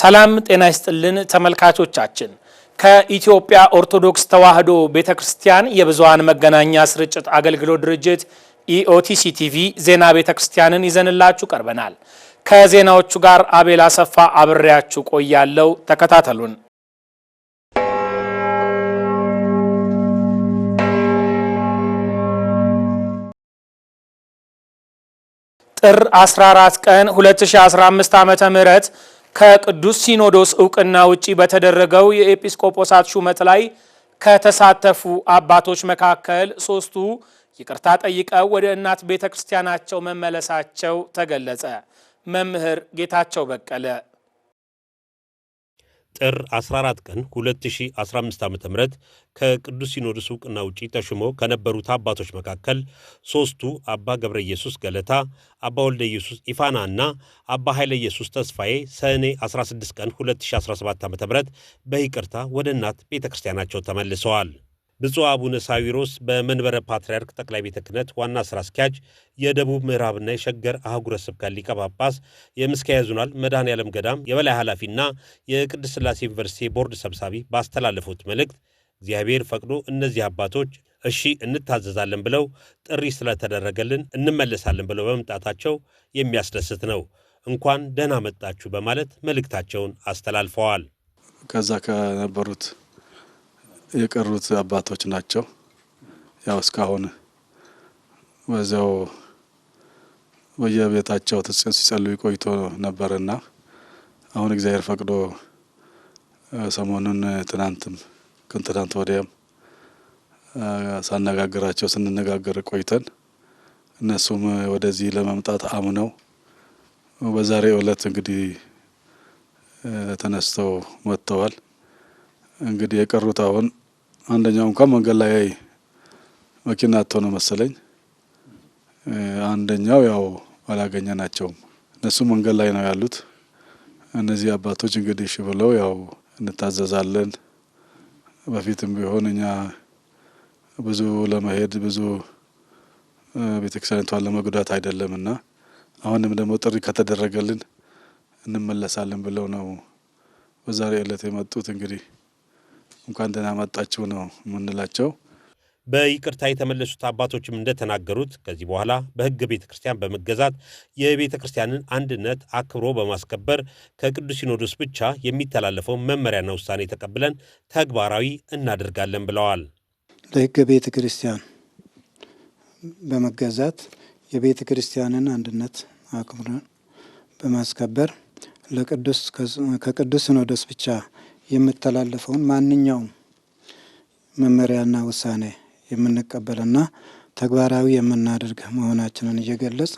ሰላም ጤና ይስጥልን ተመልካቾቻችን። ከኢትዮጵያ ኦርቶዶክስ ተዋህዶ ቤተ ክርስቲያን የብዙሀን መገናኛ ስርጭት አገልግሎት ድርጅት ኢኦቲሲ ቲቪ ዜና ቤተ ክርስቲያንን ይዘንላችሁ ቀርበናል። ከዜናዎቹ ጋር አቤል አሰፋ አብሬያችሁ ቆያለው። ተከታተሉን። ጥር 14 ቀን 2015 ም ከቅዱስ ሲኖዶስ እውቅና ውጪ በተደረገው የኤጲስቆጶሳት ሹመት ላይ ከተሳተፉ አባቶች መካከል ሶስቱ ይቅርታ ጠይቀው ወደ እናት ቤተ ክርስቲያናቸው መመለሳቸው ተገለጸ። መምህር ጌታቸው በቀለ ጥር 14 ቀን 2015 ዓ ም ከቅዱስ ሲኖዶስ ውቅና ውጪ ተሹመው ከነበሩት አባቶች መካከል ሦስቱ አባ ገብረ ኢየሱስ ገለታ፣ አባ ወልደ ኢየሱስ ኢፋና እና አባ ኃይለ ኢየሱስ ተስፋዬ ሰኔ 16 ቀን 2017 ዓ ም በይቅርታ ወደ እናት ቤተ ክርስቲያናቸው ተመልሰዋል። ብፁዕ አቡነ ሳዊሮስ በመንበረ ፓትርያርክ ጠቅላይ ቤተ ክህነት ዋና ስራ አስኪያጅ፣ የደቡብ ምዕራብና የሸገር አህጉረ ስብከት ሊቀ ጳጳስ፣ የምስካየ ኅዙናን ዓለም ገዳም የበላይ ኃላፊና የቅድስት ሥላሴ ዩኒቨርሲቲ ቦርድ ሰብሳቢ ባስተላለፉት መልእክት እግዚአብሔር ፈቅዶ እነዚህ አባቶች እሺ እንታዘዛለን ብለው ጥሪ ስለተደረገልን እንመለሳለን ብለው በመምጣታቸው የሚያስደስት ነው። እንኳን ደህና መጣችሁ በማለት መልእክታቸውን አስተላልፈዋል። ከዛ ከነበሩት የቀሩት አባቶች ናቸው። ያው እስካሁን በዚያው በየቤታቸው ሲጸልዩ ቆይቶ ነበርና አሁን እግዚአብሔር ፈቅዶ ሰሞኑን ትናንትም ከትናንት ወዲያም ሳነጋግራቸው ስንነጋገር ቆይተን እነሱም ወደዚህ ለመምጣት አምነው በዛሬ ዕለት እንግዲህ ተነስተው መጥተዋል። እንግዲህ የቀሩት አሁን አንደኛው እንኳን መንገድ ላይ መኪና አጥቶ ነው መሰለኝ። አንደኛው ያው አላገኘ ናቸውም እነሱ መንገድ ላይ ነው ያሉት። እነዚህ አባቶች እንግዲህ እሺ ብለው ያው እንታዘዛለን። በፊትም ቢሆን እኛ ብዙ ለመሄድ ብዙ ቤተክርስቲያኒቷን ለመጉዳት አይደለም እና አሁንም ደግሞ ጥሪ ከተደረገልን እንመለሳለን ብለው ነው በዛሬ ዕለት የመጡት እንግዲህ እንኳን ደህና መጣችሁ ነው የምንላቸው። በይቅርታ የተመለሱት አባቶችም እንደተናገሩት ከዚህ በኋላ በሕገ ቤተ ክርስቲያን በመገዛት የቤተ ክርስቲያንን አንድነት አክብሮ በማስከበር ከቅዱስ ሲኖዶስ ብቻ የሚተላለፈውን መመሪያና ውሳኔ ተቀብለን ተግባራዊ እናደርጋለን ብለዋል። ለሕገ ቤተ ክርስቲያን በመገዛት የቤተ ክርስቲያንን አንድነት አክብሮ በማስከበር ከቅዱስ ሲኖዶስ ብቻ የምተላለፈውን ማንኛውም መመሪያና ውሳኔ የምንቀበልና ተግባራዊ የምናደርግ መሆናችንን እየገለጽ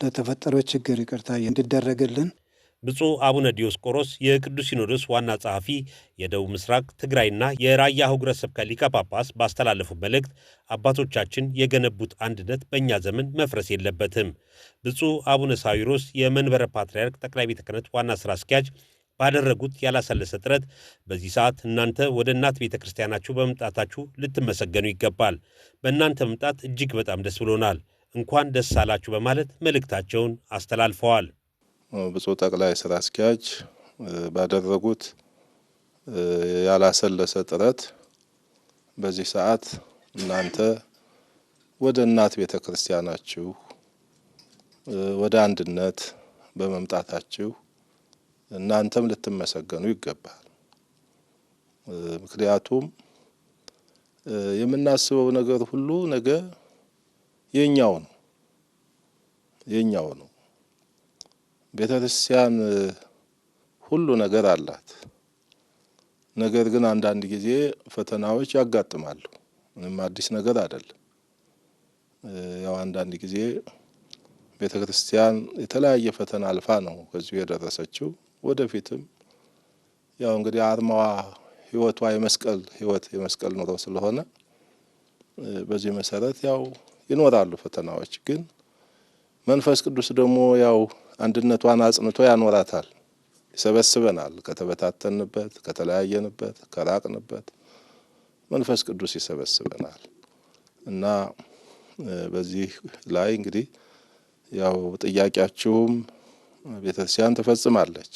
ለተፈጠረው ችግር ይቅርታ እንዲደረግልን ብፁዕ አቡነ ዲዮስቆሮስ የቅዱስ ሲኖዶስ ዋና ጸሐፊ የደቡብ ምስራቅ ትግራይና የራያ ሀገረ ስብከት ሊቀ ጳጳስ ባስተላለፉ መልእክት አባቶቻችን የገነቡት አንድነት በእኛ ዘመን መፍረስ የለበትም። ብፁዕ አቡነ ሳዊሮስ የመንበረ ፓትርያርክ ጠቅላይ ቤተ ክህነት ዋና ስራ አስኪያጅ ባደረጉት ያላሰለሰ ጥረት በዚህ ሰዓት እናንተ ወደ እናት ቤተ ክርስቲያናችሁ በመምጣታችሁ ልትመሰገኑ ይገባል። በእናንተ መምጣት እጅግ በጣም ደስ ብሎናል። እንኳን ደስ አላችሁ በማለት መልእክታቸውን አስተላልፈዋል። ብፁዕ ጠቅላይ ስራ አስኪያጅ ባደረጉት ያላሰለሰ ጥረት በዚህ ሰዓት እናንተ ወደ እናት ቤተ ክርስቲያናችሁ ወደ አንድነት በመምጣታችሁ እናንተም ልትመሰገኑ ይገባል። ምክንያቱም የምናስበው ነገር ሁሉ ነገ የኛው ነው የኛው ነው። ቤተ ክርስቲያን ሁሉ ነገር አላት። ነገር ግን አንዳንድ ጊዜ ፈተናዎች ያጋጥማሉ። ምንም አዲስ ነገር አይደለም። ያው አንዳንድ ጊዜ ቤተ ክርስቲያን የተለያየ ፈተና አልፋ ነው ከዚሁ የደረሰችው። ወደፊትም ያው እንግዲህ አርማዋ ህይወቷ የመስቀል ህይወት የመስቀል ኑሮ ስለሆነ በዚህ መሰረት ያው ይኖራሉ ፈተናዎች። ግን መንፈስ ቅዱስ ደግሞ ያው አንድነቷን አጽንቶ ያኖራታል፣ ይሰበስበናል። ከተበታተንበት፣ ከተለያየንበት፣ ከራቅንበት መንፈስ ቅዱስ ይሰበስበናል እና በዚህ ላይ እንግዲህ ያው ጥያቄያችሁም ቤተክርስቲያን ትፈጽማለች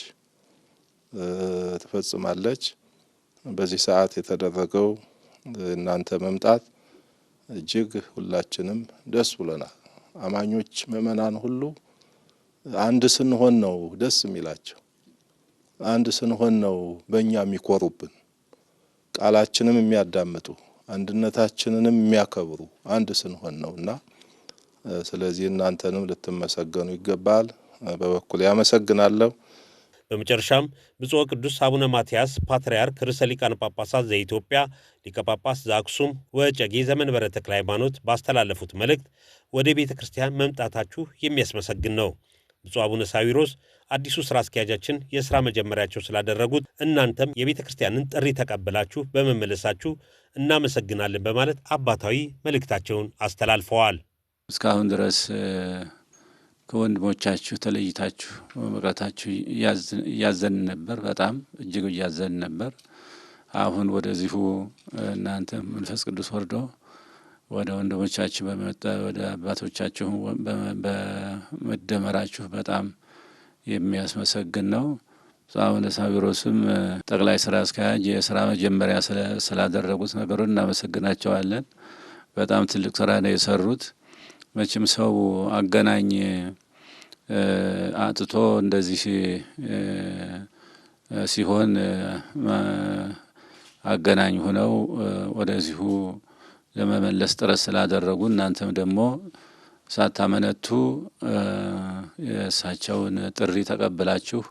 ትፈጽማለች። በዚህ ሰዓት የተደረገው እናንተ መምጣት እጅግ ሁላችንም ደስ ብሎናል። አማኞች ምእመናን ሁሉ አንድ ስንሆን ነው ደስ የሚላቸው፣ አንድ ስንሆን ነው በእኛ የሚኮሩብን፣ ቃላችንም የሚያዳምጡ አንድነታችንንም የሚያከብሩ አንድ ስንሆን ነው እና ስለዚህ እናንተንም ልትመሰገኑ ይገባል። በበኩል ያመሰግናለሁ። በመጨረሻም ብፁዕ ቅዱስ አቡነ ማትያስ ፓትርያርክ ርዕሰ ሊቃነ ጳጳሳት ዘኢትዮጵያ ሊቀ ጳጳስ ዘአክሱም ወጨጌ ዘመንበረ ተክለ ሃይማኖት ባስተላለፉት መልእክት ወደ ቤተ ክርስቲያን መምጣታችሁ የሚያስመሰግን ነው። ብፁዕ አቡነ ሳዊሮስ አዲሱ ሥራ አስኪያጃችን የሥራ መጀመሪያቸው ስላደረጉት እናንተም የቤተ ክርስቲያንን ጥሪ ተቀብላችሁ በመመለሳችሁ እናመሰግናለን በማለት አባታዊ መልእክታቸውን አስተላልፈዋል። እስካሁን ድረስ ከወንድሞቻችሁ ተለይታችሁ መቅረታችሁ እያዘን ነበር፣ በጣም እጅግ እያዘን ነበር። አሁን ወደዚሁ እናንተ መንፈስ ቅዱስ ወርዶ ወደ ወንድሞቻችሁ በመጣ ወደ አባቶቻችሁ በመደመራችሁ በጣም የሚያስመሰግን ነው። ብፁዕ አቡነ ሳዊሮስም ጠቅላይ ስራ አስኪያጅ የስራ መጀመሪያ ስላደረጉት ነገሩን እናመሰግናቸዋለን። በጣም ትልቅ ስራ ነው የሰሩት። መቼም ሰው አገናኝ አጥቶ እንደዚህ ሲሆን አገናኝ ሁነው ወደዚሁ ለመመለስ ጥረት ስላደረጉ እናንተም ደግሞ ሳታመነቱ የእሳቸውን ጥሪ ተቀብላችሁ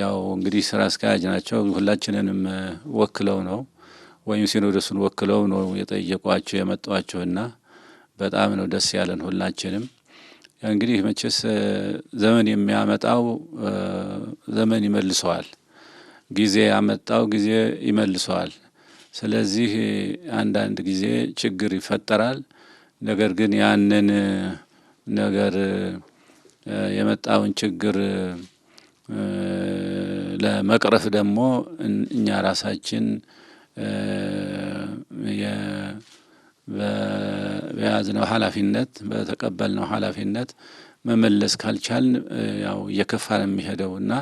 ያው እንግዲህ ስራ አስኪያጅ ናቸው። ሁላችንንም ወክለው ነው ወይም ሲኖዶሱን ወክለው ነው የጠየቋቸው የመጧችሁና በጣም ነው ደስ ያለን ሁላችንም። እንግዲህ መቼስ ዘመን የሚያመጣው ዘመን ይመልሰዋል፣ ጊዜ ያመጣው ጊዜ ይመልሰዋል። ስለዚህ አንዳንድ ጊዜ ችግር ይፈጠራል። ነገር ግን ያንን ነገር የመጣውን ችግር ለመቅረፍ ደግሞ እኛ ራሳችን በያዝነው ኃላፊነት በተቀበልነው ኃላፊነት መመለስ ካልቻልን ያው እየከፋ ነው የሚሄደው እና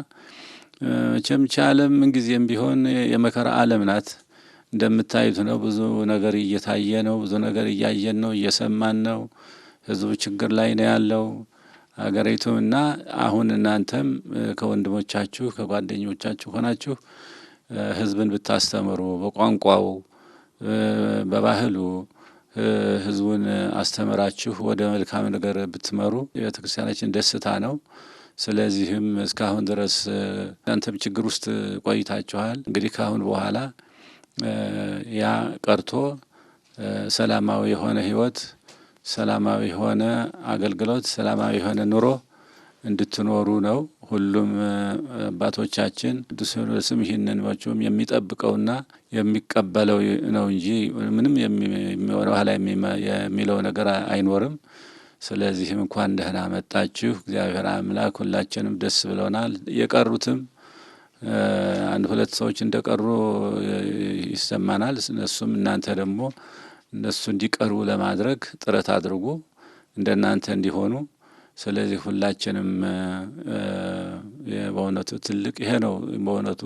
መቼም ቻለም ምንጊዜም ቢሆን የመከራ ዓለም ናት። እንደምታዩት ነው። ብዙ ነገር እየታየ ነው። ብዙ ነገር እያየን ነው፣ እየሰማን ነው። ህዝቡ ችግር ላይ ነው ያለው አገሪቱ እና አሁን እናንተም ከወንድሞቻችሁ ከጓደኞቻችሁ ሆናችሁ ህዝብን ብታስተምሩ በቋንቋው በባህሉ ህዝቡን አስተምራችሁ ወደ መልካም ነገር ብትመሩ ቤተክርስቲያናችን ደስታ ነው። ስለዚህም እስካሁን ድረስ እናንተም ችግር ውስጥ ቆይታችኋል። እንግዲህ ካሁን በኋላ ያ ቀርቶ ሰላማዊ የሆነ ህይወት፣ ሰላማዊ የሆነ አገልግሎት፣ ሰላማዊ የሆነ ኑሮ እንድትኖሩ ነው። ሁሉም አባቶቻችን ቅዱስ ይህንን መቼም የሚጠብቀውና የሚቀበለው ነው እንጂ ምንም ወደኋላ የሚለው ነገር አይኖርም። ስለዚህም እንኳን ደህና መጣችሁ። እግዚአብሔር አምላክ ሁላችንም ደስ ብሎናል። የቀሩትም አንድ ሁለት ሰዎች እንደቀሩ ይሰማናል። እነሱም እናንተ ደግሞ እነሱ እንዲቀርቡ ለማድረግ ጥረት አድርጉ፣ እንደናንተ እንዲሆኑ ስለዚህ ሁላችንም በእውነቱ ትልቅ ይሄ ነው። በእውነቱ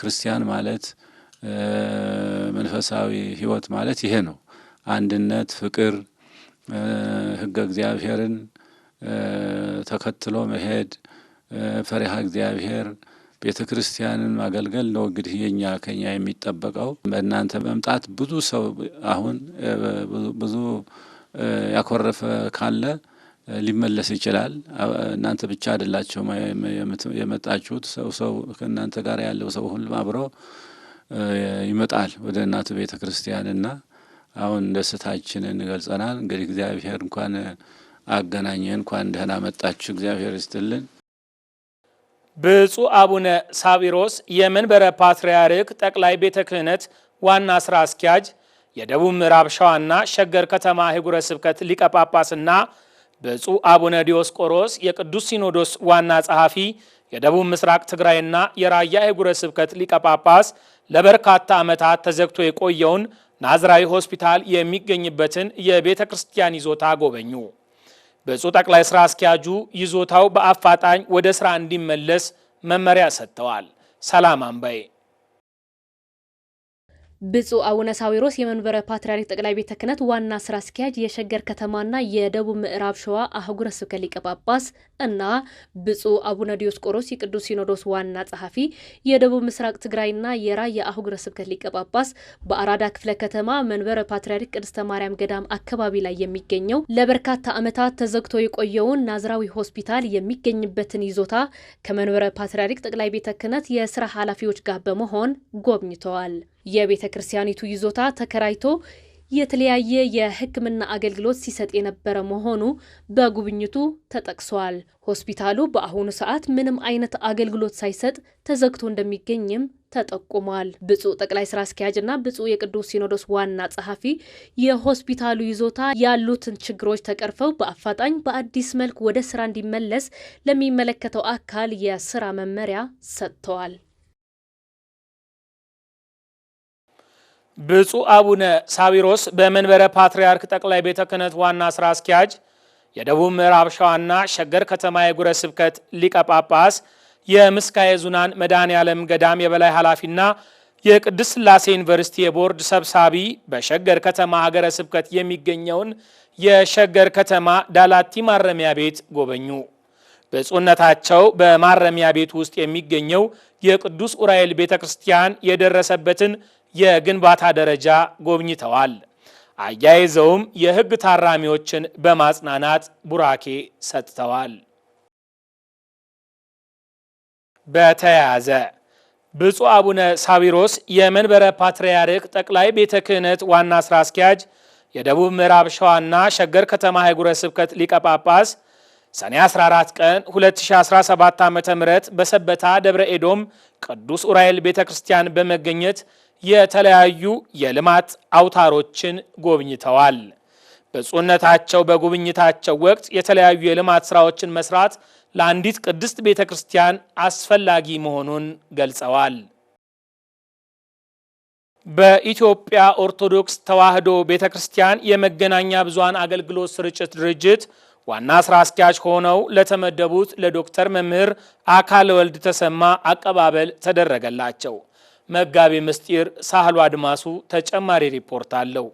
ክርስቲያን ማለት መንፈሳዊ ሕይወት ማለት ይሄ ነው። አንድነት፣ ፍቅር፣ ሕገ እግዚአብሔርን ተከትሎ መሄድ፣ ፈሪሃ እግዚአብሔር ቤተ ክርስቲያንን ማገልገል ነው። እንግዲህ የኛ ከኛ የሚጠበቀው በእናንተ መምጣት ብዙ ሰው አሁን ብዙ ያኮረፈ ካለ ሊመለስ ይችላል። እናንተ ብቻ አይደላቸው የመጣችሁት ሰው ሰው ከእናንተ ጋር ያለው ሰው ሁሉም አብሮ ይመጣል ወደ እናቱ ቤተ እና አሁን ደስታችንን ገልጸናል። እንግዲህ እግዚአብሔር እንኳን አገናኘን፣ እንኳን ደህና መጣችሁ። እግዚአብሔር ይስጥልን። ብፁዕ አቡነ ሳዊሮስ የመንበረ ፓትርያርክ ጠቅላይ ቤተ ክህነት ዋና ስራ አስኪያጅ፣ የደቡብ ምዕራብ ሸዋና ሸገር ከተማ ህጉረ ስብከት ሊቀ ጳጳስና ብፁዕ አቡነ ዲዮስቆሮስ የቅዱስ ሲኖዶስ ዋና ጸሐፊ የደቡብ ምስራቅ ትግራይና የራያ አህጉረ ስብከት ሊቀ ጳጳስ ለበርካታ ዓመታት ተዘግቶ የቆየውን ናዝራዊ ሆስፒታል የሚገኝበትን የቤተ ክርስቲያን ይዞታ ጎበኙ። ብፁዕ ጠቅላይ ሥራ አስኪያጁ ይዞታው በአፋጣኝ ወደ ሥራ እንዲመለስ መመሪያ ሰጥተዋል። ሰላም አምባዬ ብፁዕ አቡነ ሳዊሮስ የመንበረ ፓትርያርክ ጠቅላይ ቤተ ክህነት ዋና ስራ አስኪያጅ የሸገር ከተማና የደቡብ ምዕራብ ሸዋ አህጉረ ስብከት ሊቀ ጳጳስ እና ብፁዕ አቡነ ዲዮስቆሮስ የቅዱስ ሲኖዶስ ዋና ጸሐፊ የደቡብ ምስራቅ ትግራይና የራያ አህጉረ ስብከት ሊቀ ጳጳስ በአራዳ ክፍለ ከተማ መንበረ ፓትርያርክ ቅድስተ ማርያም ገዳም አካባቢ ላይ የሚገኘው ለበርካታ ዓመታት ተዘግቶ የቆየውን ናዝራዊ ሆስፒታል የሚገኝበትን ይዞታ ከመንበረ ፓትርያርክ ጠቅላይ ቤተ ክህነት የስራ ኃላፊዎች ጋር በመሆን ጎብኝተዋል። የቤተ ክርስቲያኒቱ ይዞታ ተከራይቶ የተለያየ የሕክምና አገልግሎት ሲሰጥ የነበረ መሆኑ በጉብኝቱ ተጠቅሷል። ሆስፒታሉ በአሁኑ ሰዓት ምንም አይነት አገልግሎት ሳይሰጥ ተዘግቶ እንደሚገኝም ተጠቁሟል። ብፁዕ ጠቅላይ ስራ አስኪያጅና ብፁዕ የቅዱስ ሲኖዶስ ዋና ጸሐፊ የሆስፒታሉ ይዞታ ያሉትን ችግሮች ተቀርፈው በአፋጣኝ በአዲስ መልክ ወደ ስራ እንዲመለስ ለሚመለከተው አካል የስራ መመሪያ ሰጥተዋል። ብፁዕ አቡነ ሳዊሮስ በመንበረ ፓትርያርክ ጠቅላይ ቤተ ክህነት ዋና ስራ አስኪያጅ የደቡብ ምዕራብ ሸዋና ሸገር ከተማ የጉረ ስብከት ሊቀ ጳጳስ የምስካየ ኅዙናን መድኃኔ ዓለም ገዳም የበላይ ኃላፊና የቅድስት ሥላሴ ዩኒቨርሲቲ የቦርድ ሰብሳቢ በሸገር ከተማ ሀገረ ስብከት የሚገኘውን የሸገር ከተማ ዳላቲ ማረሚያ ቤት ጎበኙ። ብፁዕነታቸው በማረሚያ ቤት ውስጥ የሚገኘው የቅዱስ ዑራኤል ቤተ ክርስቲያን የደረሰበትን የግንባታ ደረጃ ጎብኝተዋል። አያይዘውም የሕግ ታራሚዎችን በማጽናናት ቡራኬ ሰጥተዋል። በተያያዘ ብፁዕ አቡነ ሳዊሮስ የመንበረ ፓትርያርክ ጠቅላይ ቤተ ክህነት ዋና ስራ አስኪያጅ የደቡብ ምዕራብ ሸዋና ሸገር ከተማ ሀይጉረ ስብከት ሊቀ ጳጳስ ሰኔ 14 ቀን 2017 ዓ ም በሰበታ ደብረ ኤዶም ቅዱስ ኡራኤል ቤተ ክርስቲያን በመገኘት የተለያዩ የልማት አውታሮችን ጎብኝተዋል። በጾነታቸው በጉብኝታቸው ወቅት የተለያዩ የልማት ስራዎችን መስራት ለአንዲት ቅድስት ቤተ ክርስቲያን አስፈላጊ መሆኑን ገልጸዋል። በኢትዮጵያ ኦርቶዶክስ ተዋሕዶ ቤተ ክርስቲያን የመገናኛ ብዙኃን አገልግሎት ስርጭት ድርጅት ዋና ስራ አስኪያጅ ሆነው ለተመደቡት ለዶክተር መምህር አካለ ወልድ ተሰማ አቀባበል ተደረገላቸው። መጋቢ ምስጢር ሳህሉ አድማሱ ተጨማሪ ሪፖርት አለው።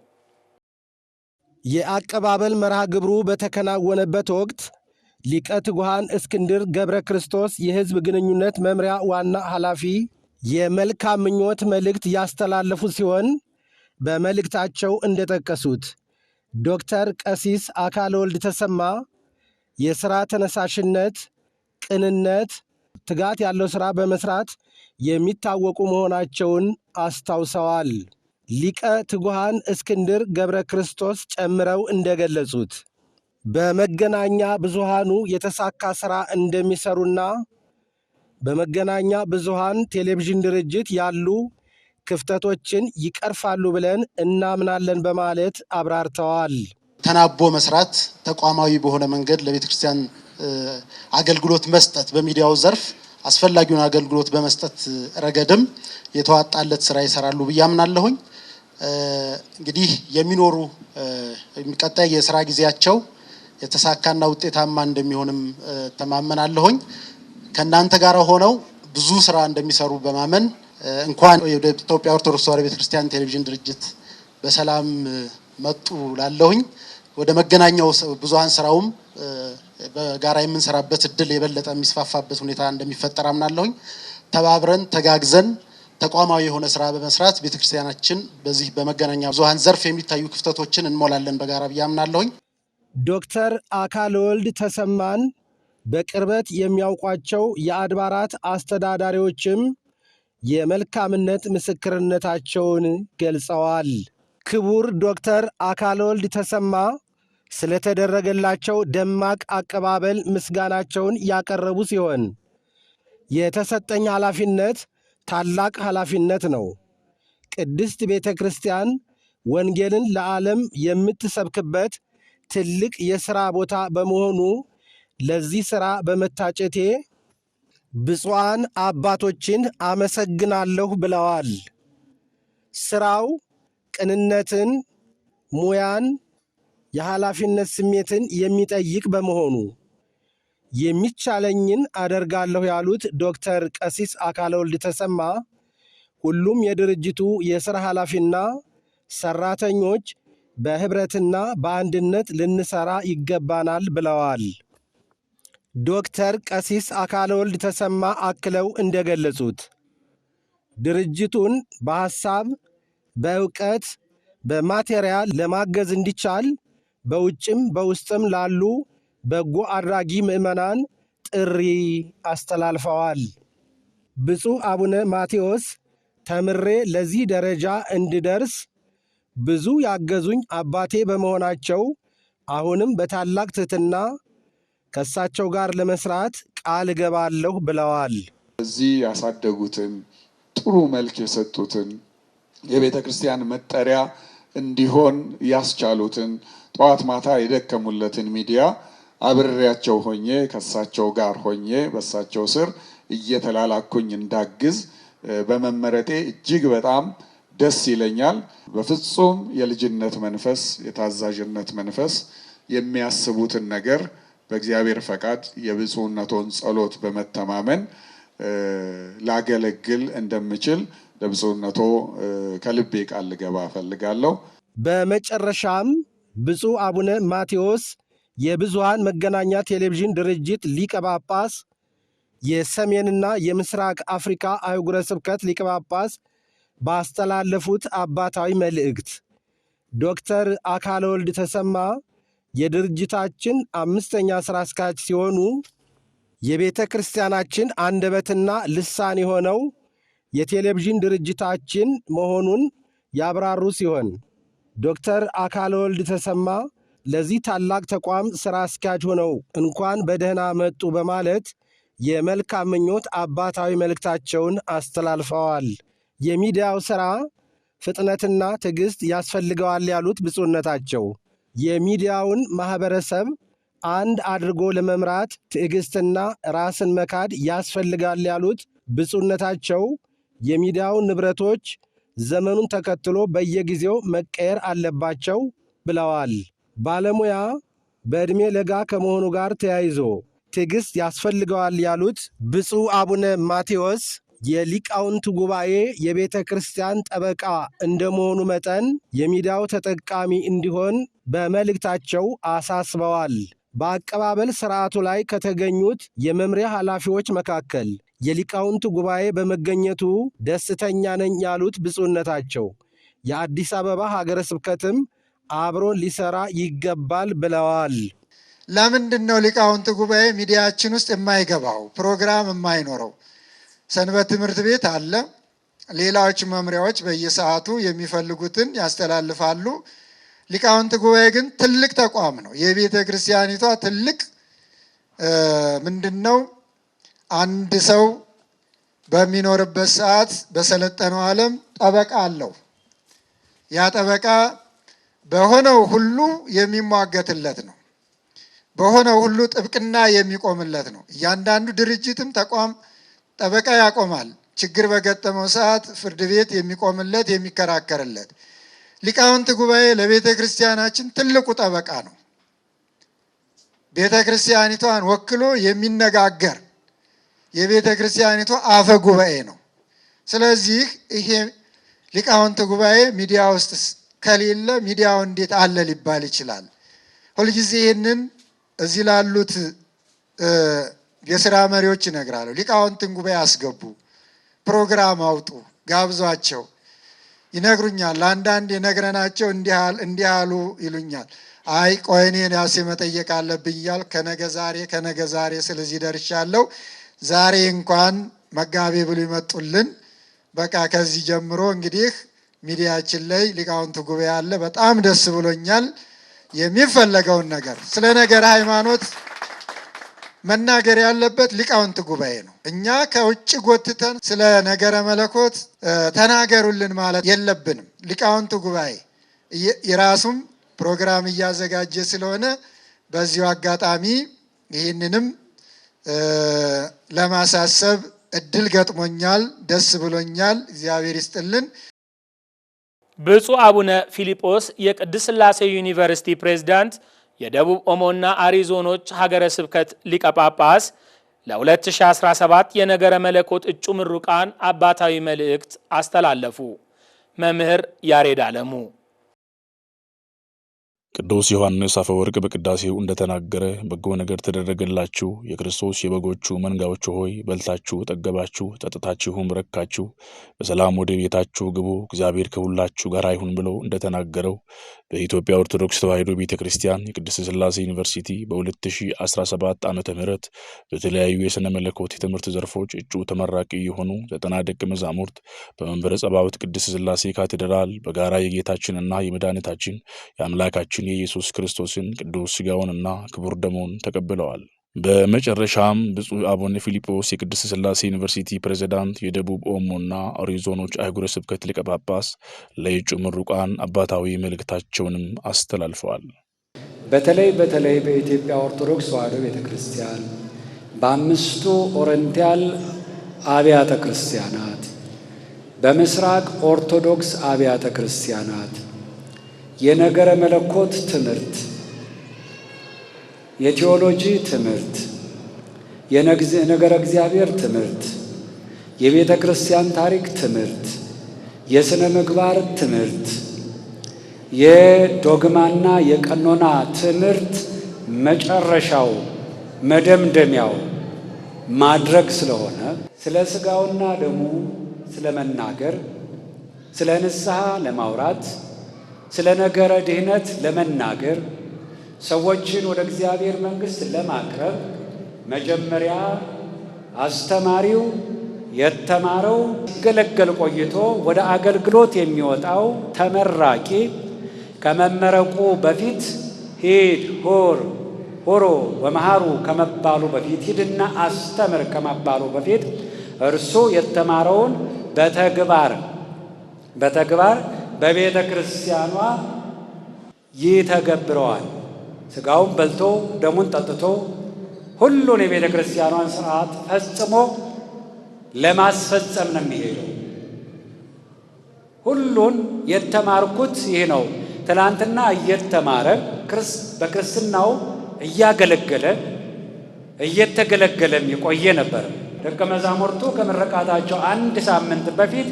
የአቀባበል መርሃ ግብሩ በተከናወነበት ወቅት ሊቀ ትጉሃን እስክንድር ገብረ ክርስቶስ የሕዝብ ግንኙነት መምሪያ ዋና ኃላፊ የመልካም ምኞት መልእክት ያስተላለፉ ሲሆን በመልእክታቸው እንደጠቀሱት ዶክተር ቀሲስ አካል ወልድ ተሰማ የሥራ ተነሳሽነት፣ ቅንነት፣ ትጋት ያለው ሥራ በመሥራት የሚታወቁ መሆናቸውን አስታውሰዋል። ሊቀ ትጉሃን እስክንድር ገብረ ክርስቶስ ጨምረው እንደገለጹት በመገናኛ ብዙሃኑ የተሳካ ሥራ እንደሚሰሩና በመገናኛ ብዙሃን ቴሌቪዥን ድርጅት ያሉ ክፍተቶችን ይቀርፋሉ ብለን እናምናለን በማለት አብራርተዋል። ተናቦ መስራት ተቋማዊ በሆነ መንገድ ለቤተ ክርስቲያን አገልግሎት መስጠት በሚዲያው ዘርፍ አስፈላጊውን አገልግሎት በመስጠት ረገድም የተዋጣለት ስራ ይሰራሉ ብዬ አምናለሁኝ። እንግዲህ የሚኖሩ ቀጣይ የስራ ጊዜያቸው የተሳካና ውጤታማ እንደሚሆንም ተማመናለሁኝ። ከእናንተ ጋር ሆነው ብዙ ስራ እንደሚሰሩ በማመን እንኳን ኢትዮጵያ ኦርቶዶክስ ተዋሕዶ ቤተክርስቲያን ቴሌቪዥን ድርጅት በሰላም መጡ ላለሁኝ ወደ መገናኛው ብዙሃን ስራውም በጋራ የምንሰራበት እድል የበለጠ የሚስፋፋበት ሁኔታ እንደሚፈጠር አምናለሁኝ። ተባብረን ተጋግዘን ተቋማዊ የሆነ ስራ በመስራት ቤተክርስቲያናችን በዚህ በመገናኛ ብዙሃን ዘርፍ የሚታዩ ክፍተቶችን እንሞላለን በጋራ ብዬ አምናለሁኝ። ዶክተር አካል ወልድ ተሰማን በቅርበት የሚያውቋቸው የአድባራት አስተዳዳሪዎችም የመልካምነት ምስክርነታቸውን ገልጸዋል። ክቡር ዶክተር አካል ወልድ ተሰማ ስለተደረገላቸው ደማቅ አቀባበል ምስጋናቸውን ያቀረቡ ሲሆን የተሰጠኝ ኃላፊነት ታላቅ ኃላፊነት ነው። ቅድስት ቤተ ክርስቲያን ወንጌልን ለዓለም የምትሰብክበት ትልቅ የሥራ ቦታ በመሆኑ ለዚህ ሥራ በመታጨቴ ብፁዓን አባቶችን አመሰግናለሁ ብለዋል። ሥራው ቅንነትን፣ ሙያን የኃላፊነት ስሜትን የሚጠይቅ በመሆኑ የሚቻለኝን አደርጋለሁ ያሉት ዶክተር ቀሲስ አካለወልድ ተሰማ ሁሉም የድርጅቱ የሥራ ኃላፊና ሠራተኞች በኅብረትና በአንድነት ልንሠራ ይገባናል ብለዋል። ዶክተር ቀሲስ አካለወልድ ተሰማ አክለው እንደገለጹት ድርጅቱን በሐሳብ፣ በእውቀት፣ በማቴሪያል ለማገዝ እንዲቻል በውጭም በውስጥም ላሉ በጎ አድራጊ ምዕመናን ጥሪ አስተላልፈዋል። ብፁዕ አቡነ ማቴዎስ ተምሬ ለዚህ ደረጃ እንድደርስ ብዙ ያገዙኝ አባቴ በመሆናቸው አሁንም በታላቅ ትህትና ከእሳቸው ጋር ለመስራት ቃል እገባለሁ ብለዋል። እዚህ ያሳደጉትን ጥሩ መልክ የሰጡትን የቤተ ክርስቲያን መጠሪያ እንዲሆን ያስቻሉትን ጠዋት ማታ የደከሙለትን ሚዲያ አብሬያቸው ሆኜ ከሳቸው ጋር ሆኜ በሳቸው ስር እየተላላኩኝ እንዳግዝ በመመረጤ እጅግ በጣም ደስ ይለኛል። በፍጹም የልጅነት መንፈስ፣ የታዛዥነት መንፈስ የሚያስቡትን ነገር በእግዚአብሔር ፈቃድ የብፁዕነቶን ጸሎት በመተማመን ላገለግል እንደምችል ለብፁዕነቶ ከልቤ ቃል ልገባ እፈልጋለሁ። በመጨረሻም ብፁዕ አቡነ ማቴዎስ የብዙሃን መገናኛ ቴሌቪዥን ድርጅት ሊቀ ጳጳስ፣ የሰሜንና የምስራቅ አፍሪካ አህጉረ ስብከት ሊቀ ጳጳስ ባስተላለፉት አባታዊ መልእክት ዶክተር አካለ ወልድ ተሰማ የድርጅታችን አምስተኛ ሥራ አስኪያጅ ሲሆኑ የቤተ ክርስቲያናችን አንደበትና ልሳን የሆነው የቴሌቪዥን ድርጅታችን መሆኑን ያብራሩ ሲሆን ዶክተር አካል ወልድ ተሰማ ለዚህ ታላቅ ተቋም ስራ አስኪያጅ ሆነው እንኳን በደህና መጡ በማለት የመልካም ምኞት አባታዊ መልእክታቸውን አስተላልፈዋል። የሚዲያው ስራ ፍጥነትና ትዕግስት ያስፈልገዋል ያሉት ብፁዕነታቸው የሚዲያውን ማኅበረሰብ አንድ አድርጎ ለመምራት ትዕግሥትና ራስን መካድ ያስፈልጋል ያሉት ብፁዕነታቸው የሚዲያውን ንብረቶች ዘመኑን ተከትሎ በየጊዜው መቀየር አለባቸው ብለዋል። ባለሙያ በዕድሜ ለጋ ከመሆኑ ጋር ተያይዞ ትዕግስት ያስፈልገዋል ያሉት ብፁዕ አቡነ ማቴዎስ የሊቃውንት ጉባኤ የቤተ ክርስቲያን ጠበቃ እንደመሆኑ መጠን የሚዲያው ተጠቃሚ እንዲሆን በመልእክታቸው አሳስበዋል። በአቀባበል ሥርዓቱ ላይ ከተገኙት የመምሪያ ኃላፊዎች መካከል የሊቃውንቱ ጉባኤ በመገኘቱ ደስተኛ ነኝ ያሉት ብፁዕነታቸው የአዲስ አበባ ሀገረ ስብከትም አብሮ ሊሰራ ይገባል ብለዋል። ለምንድን ነው ሊቃውንት ጉባኤ ሚዲያችን ውስጥ የማይገባው ፕሮግራም የማይኖረው? ሰንበት ትምህርት ቤት አለ። ሌላዎች መምሪያዎች በየሰዓቱ የሚፈልጉትን ያስተላልፋሉ። ሊቃውንት ጉባኤ ግን ትልቅ ተቋም ነው። የቤተ ክርስቲያኒቷ ትልቅ ምንድን ነው አንድ ሰው በሚኖርበት ሰዓት በሰለጠነው ዓለም ጠበቃ አለው። ያ ጠበቃ በሆነው ሁሉ የሚሟገትለት ነው። በሆነው ሁሉ ጥብቅና የሚቆምለት ነው። እያንዳንዱ ድርጅትም ተቋም ጠበቃ ያቆማል። ችግር በገጠመው ሰዓት ፍርድ ቤት የሚቆምለት የሚከራከርለት። ሊቃውንት ጉባኤ ለቤተ ክርስቲያናችን ትልቁ ጠበቃ ነው። ቤተ ክርስቲያኒቷን ወክሎ የሚነጋገር የቤተ ክርስቲያኒቱ አፈ ጉባኤ ነው። ስለዚህ ይሄ ሊቃውንት ጉባኤ ሚዲያ ውስጥ ከሌለ ሚዲያው እንዴት አለ ሊባል ይችላል። ሁልጊዜ ይህንን እዚህ ላሉት የስራ መሪዎች ይነግራሉ። ሊቃውንትን ጉባኤ አስገቡ፣ ፕሮግራም አውጡ፣ ጋብዟቸው ይነግሩኛል። ለአንዳንድ የነግረናቸው እንዲህ አሉ ይሉኛል። አይ ቆይ ያሴ መጠየቅ አለብኝ እያልኩ ከነገ ዛሬ ከነገ ዛሬ ስለዚህ ደርሻለሁ ዛሬ እንኳን መጋቤ ብሉይ መጡልን። በቃ ከዚህ ጀምሮ እንግዲህ ሚዲያችን ላይ ሊቃውንት ጉባኤ አለ። በጣም ደስ ብሎኛል። የሚፈለገውን ነገር ስለ ነገረ ሃይማኖት መናገር ያለበት ሊቃውንት ጉባኤ ነው። እኛ ከውጭ ጎትተን ስለ ነገረ መለኮት ተናገሩልን ማለት የለብንም። ሊቃውንት ጉባኤ የራሱም ፕሮግራም እያዘጋጀ ስለሆነ በዚሁ አጋጣሚ ይህንንም ለማሳሰብ እድል ገጥሞኛል። ደስ ብሎኛል። እግዚአብሔር ይስጥልን። ብፁዕ አቡነ ፊልጶስ የቅድስት ሥላሴ ዩኒቨርሲቲ ፕሬዝዳንት፣ የደቡብ ኦሞና አሪዞኖች ሀገረ ስብከት ሊቀ ጳጳስ ለ2017 የነገረ መለኮት እጩ ምሩቃን አባታዊ መልእክት አስተላለፉ። መምህር ያሬድ አለሙ ቅዱስ ዮሐንስ አፈወርቅ በቅዳሴው እንደተናገረ በጎ ነገር ተደረገላችሁ፣ የክርስቶስ የበጎቹ መንጋዎቹ ሆይ በልታችሁ ጠገባችሁ፣ ጠጥታችሁም ረካችሁ፣ በሰላም ወደ ቤታችሁ ግቡ፣ እግዚአብሔር ከሁላችሁ ጋር አይሁን ብሎ እንደተናገረው በኢትዮጵያ ኦርቶዶክስ ተዋሕዶ ቤተ ክርስቲያን የቅድስት ሥላሴ ዩኒቨርሲቲ በ2017 ዓ ም በተለያዩ የሥነ መለኮት የትምህርት ዘርፎች እጩ ተመራቂ የሆኑ ዘጠና ደቀ መዛሙርት በመንበረ ጸባዖት ቅድስት ሥላሴ ካቴድራል በጋራ የጌታችንና የመድኃኒታችን የአምላካችን የኢየሱስ ክርስቶስን ቅዱስ ሥጋውንና ክቡር ደሙን ተቀብለዋል። በመጨረሻም ብፁዕ አቡነ ፊሊጶስ የቅድስት ሥላሴ ዩኒቨርሲቲ ፕሬዝዳንት፣ የደቡብ ኦሞና ኦሪ ዞኖች አህጉረ ስብከት ሊቀ ጳጳስ ለእጩ ምሩቃን አባታዊ መልእክታቸውንም አስተላልፈዋል። በተለይ በተለይ በኢትዮጵያ ኦርቶዶክስ ተዋሕዶ ቤተ ክርስቲያን በአምስቱ ኦረንቲያል አብያተ ክርስቲያናት በምስራቅ ኦርቶዶክስ አብያተ ክርስቲያናት የነገረ መለኮት ትምህርት የቴዎሎጂ ትምህርት፣ የነገረ እግዚአብሔር ትምህርት፣ የቤተ ክርስቲያን ታሪክ ትምህርት፣ የሥነ ምግባር ትምህርት፣ የዶግማና የቀኖና ትምህርት መጨረሻው መደምደሚያው ማድረግ ስለሆነ ስለ ሥጋውና ደሙ ስለ መናገር፣ ስለ ንስሐ ለማውራት፣ ስለ ነገረ ለመናገር ሰዎችን ወደ እግዚአብሔር መንግሥት ለማቅረብ መጀመሪያ አስተማሪው የተማረው ሲገለገል ቆይቶ ወደ አገልግሎት የሚወጣው ተመራቂ ከመመረቁ በፊት ሂድ ሆር ሆሮ ወመሃሩ ከመባሉ በፊት ሂድና አስተምር ከመባሉ በፊት እርሱ የተማረውን በተግባር በተግባር በቤተ ክርስቲያኗ ይተገብረዋል። ስጋውን በልቶ ደሙን ጠጥቶ ሁሉን የቤተ ክርስቲያኗን ስርዓት ፈጽሞ ለማስፈጸም ነው የሚሄደው። ሁሉን የተማርኩት ይህ ነው። ትናንትና እየተማረ በክርስትናው እያገለገለ እየተገለገለም የቆየ ነበር። ደቀ መዛሙርቱ ከምረቃታቸው አንድ ሳምንት በፊት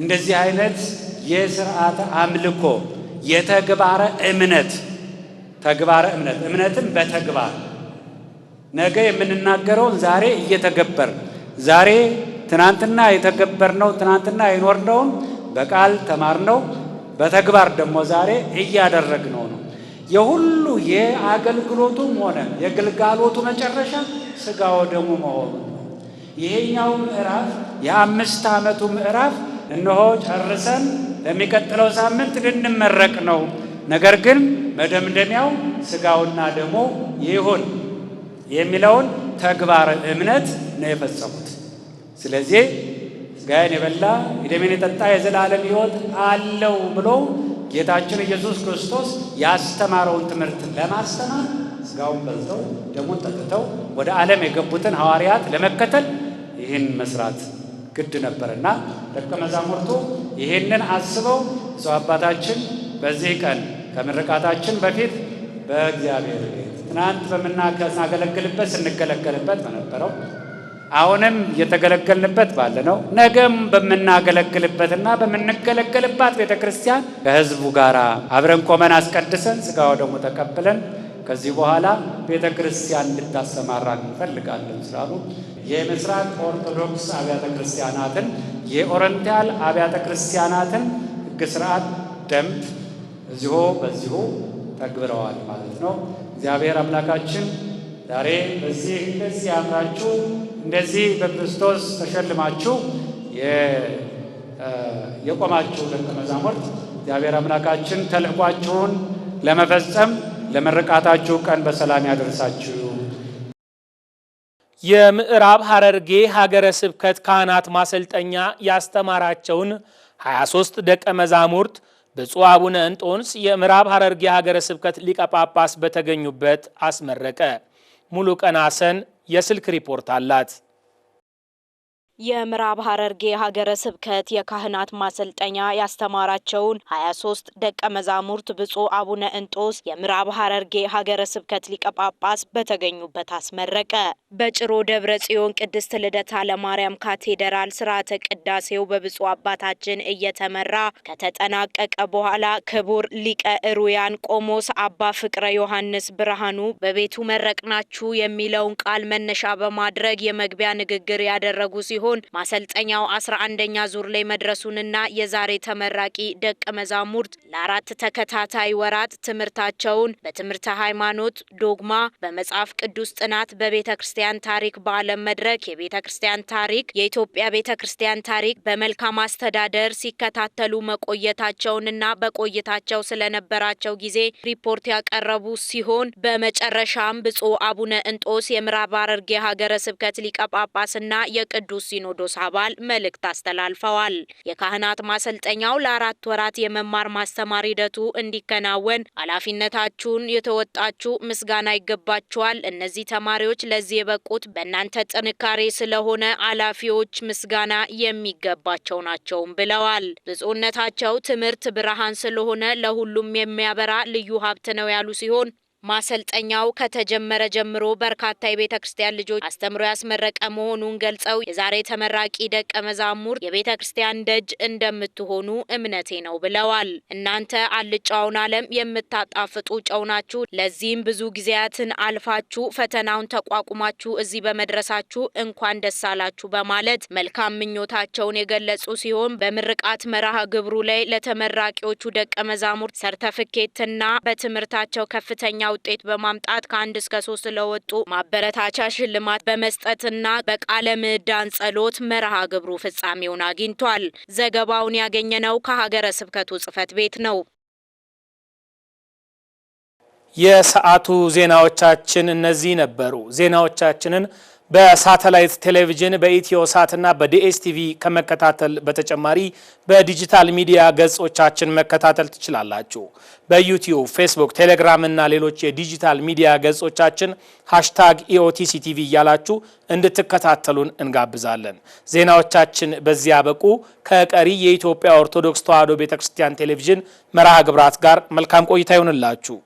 እንደዚህ አይነት የስርዓተ አምልኮ የተግባረ እምነት ተግባር እምነት እምነትን በተግባር ነገ የምንናገረውን ዛሬ እየተገበር ዛሬ ትናንትና የተገበርነው ትናንትና የኖርነውን በቃል ተማርነው በተግባር ደግሞ ዛሬ እያደረግነው ነው። የሁሉ የአገልግሎቱም ሆነ የግልጋሎቱ መጨረሻ ስጋው ደሙ መሆኑ ይሄኛው ምዕራፍ የአምስት ዓመቱ ምዕራፍ እነሆ ጨርሰን ለሚቀጥለው ሳምንት ልንመረቅ ነው። ነገር ግን መደምደሚያው ስጋውና ደሞ ይሁን የሚለውን ተግባር እምነት ነው የፈጸሙት። ስለዚህ ስጋዬን የበላ የደሜን የጠጣ የዘላለም ሕይወት አለው ብሎ ጌታችን ኢየሱስ ክርስቶስ ያስተማረውን ትምህርት ለማስተማር ስጋውን በልተው ደሙን ጠጥተው ወደ ዓለም የገቡትን ሐዋርያት ለመከተል ይህን መስራት ግድ ነበርና ደቀ መዛሙርቱ ይህንን አስበው ሰው አባታችን በዚህ ቀን ከምርቃታችን በፊት በእግዚአብሔር ቤት ትናንት በምናገለግልበት ስንገለገልበት በነበረው አሁንም እየተገለገልንበት ባለ ነው ነገም በምናገለግልበትና በምንገለገልባት ቤተ ክርስቲያን ከህዝቡ ጋር አብረን ቆመን አስቀድሰን ስጋው ደግሞ ተቀብለን ከዚህ በኋላ ቤተ ክርስቲያን እንድታሰማራ እንፈልጋለን ስላሉ የምስራቅ ኦርቶዶክስ አብያተ ክርስቲያናትን የኦረንቲያል አብያተ ክርስቲያናትን ህግ ስርዓት፣ ደንብ እዚሁ በዚሁ ተግብረዋል ማለት ነው። እግዚአብሔር አምላካችን ዛሬ በዚህ እንደዚህ አምራችሁ እንደዚህ በክርስቶስ ተሸልማችሁ የቆማችሁ ደቀ መዛሙርት እግዚአብሔር አምላካችን ተልዕኳችሁን ለመፈጸም ለመረቃታችሁ ቀን በሰላም ያደርሳችሁ። የምዕራብ ሐረርጌ ሀገረ ስብከት ካህናት ማሰልጠኛ ያስተማራቸውን 23 ደቀ መዛሙርት ብፁዕ አቡነ እንጦንስ የምዕራብ ሐረርጌ ሀገረ ስብከት ሊቀ ጳጳስ በተገኙበት አስመረቀ። ሙሉ ቀናሰን የስልክ ሪፖርት አላት። የምዕራብ ሐረርጌ ሀገረ ስብከት የካህናት ማሰልጠኛ ያስተማራቸውን 23 ደቀ መዛሙርት ብፁዕ አቡነ እንጦስ የምዕራብ ሐረርጌ ሀገረ ስብከት ሊቀ ጳጳስ በተገኙበት አስመረቀ። በጭሮ ደብረ ጽዮን ቅድስት ልደታ ለማርያም ካቴድራል ስርዓተ ቅዳሴው በብፁዕ አባታችን እየተመራ ከተጠናቀቀ በኋላ ክቡር ሊቀ እሩያን ቆሞስ አባ ፍቅረ ዮሐንስ ብርሃኑ በቤቱ መረቅናችሁ የሚለውን ቃል መነሻ በማድረግ የመግቢያ ንግግር ያደረጉ ሲሆን ሲሆን ማሰልጠኛው አስራ አንደኛ ዙር ላይ መድረሱንና የዛሬ ተመራቂ ደቀ መዛሙርት ለአራት ተከታታይ ወራት ትምህርታቸውን በትምህርተ ሃይማኖት ዶግማ፣ በመጽሐፍ ቅዱስ ጥናት፣ በቤተ ክርስቲያን ታሪክ በዓለም መድረክ የቤተ ክርስቲያን ታሪክ፣ የኢትዮጵያ ቤተ ክርስቲያን ታሪክ በመልካም አስተዳደር ሲከታተሉ መቆየታቸውንና በቆይታቸው ስለነበራቸው ጊዜ ሪፖርት ያቀረቡ ሲሆን በመጨረሻም ብፁዕ አቡነ እንጦስ የምዕራብ ሐረርጌ ሀገረ ስብከት ሊቀ ጳጳስና የቅዱስ ሲኖዶስ አባል መልእክት አስተላልፈዋል። የካህናት ማሰልጠኛው ለአራት ወራት የመማር ማስተማር ሂደቱ እንዲከናወን ኃላፊነታችሁን የተወጣችሁ ምስጋና ይገባችኋል። እነዚህ ተማሪዎች ለዚህ የበቁት በእናንተ ጥንካሬ ስለሆነ ኃላፊዎች ምስጋና የሚገባቸው ናቸውም ብለዋል። ብፁዕነታቸው ትምህርት ብርሃን ስለሆነ ለሁሉም የሚያበራ ልዩ ሀብት ነው ያሉ ሲሆን ማሰልጠኛው ከተጀመረ ጀምሮ በርካታ የቤተ ክርስቲያን ልጆች አስተምሮ ያስመረቀ መሆኑን ገልጸው የዛሬ ተመራቂ ደቀ መዛሙርት የቤተ ክርስቲያን ደጅ እንደምትሆኑ እምነቴ ነው ብለዋል። እናንተ አልጫውን ዓለም የምታጣፍጡ ጨው ናችሁ። ለዚህም ብዙ ጊዜያትን አልፋችሁ ፈተናውን ተቋቁማችሁ እዚህ በመድረሳችሁ እንኳን ደስ አላችሁ በማለት መልካም ምኞታቸውን የገለጹ ሲሆን በምርቃት መርሃ ግብሩ ላይ ለተመራቂዎቹ ደቀ መዛሙርት ሰርተፍኬትና በትምህርታቸው ከፍተኛ ውጤት በማምጣት ከአንድ እስከ ሶስት ለወጡ ማበረታቻ ሽልማት በመስጠትና በቃለ ምዕዳን ጸሎት መርሃ ግብሩ ፍጻሜውን አግኝቷል። ዘገባውን ያገኘነው ከሀገረ ስብከቱ ጽሕፈት ቤት ነው። የሰዓቱ ዜናዎቻችን እነዚህ ነበሩ። ዜናዎቻችንን በሳተላይት ቴሌቪዥን በኢትዮ ሳትና በዲኤስቲቪ ከመከታተል በተጨማሪ በዲጂታል ሚዲያ ገጾቻችን መከታተል ትችላላችሁ። በዩቲዩብ፣ ፌስቡክ፣ ቴሌግራም እና ሌሎች የዲጂታል ሚዲያ ገጾቻችን ሃሽታግ ኢኦቲሲ ቲቪ እያላችሁ እንድትከታተሉን እንጋብዛለን። ዜናዎቻችን በዚያ በቁ። ከቀሪ የኢትዮጵያ ኦርቶዶክስ ተዋሕዶ ቤተክርስቲያን ቴሌቪዥን መርሃ ግብራት ጋር መልካም ቆይታ ይሆንላችሁ።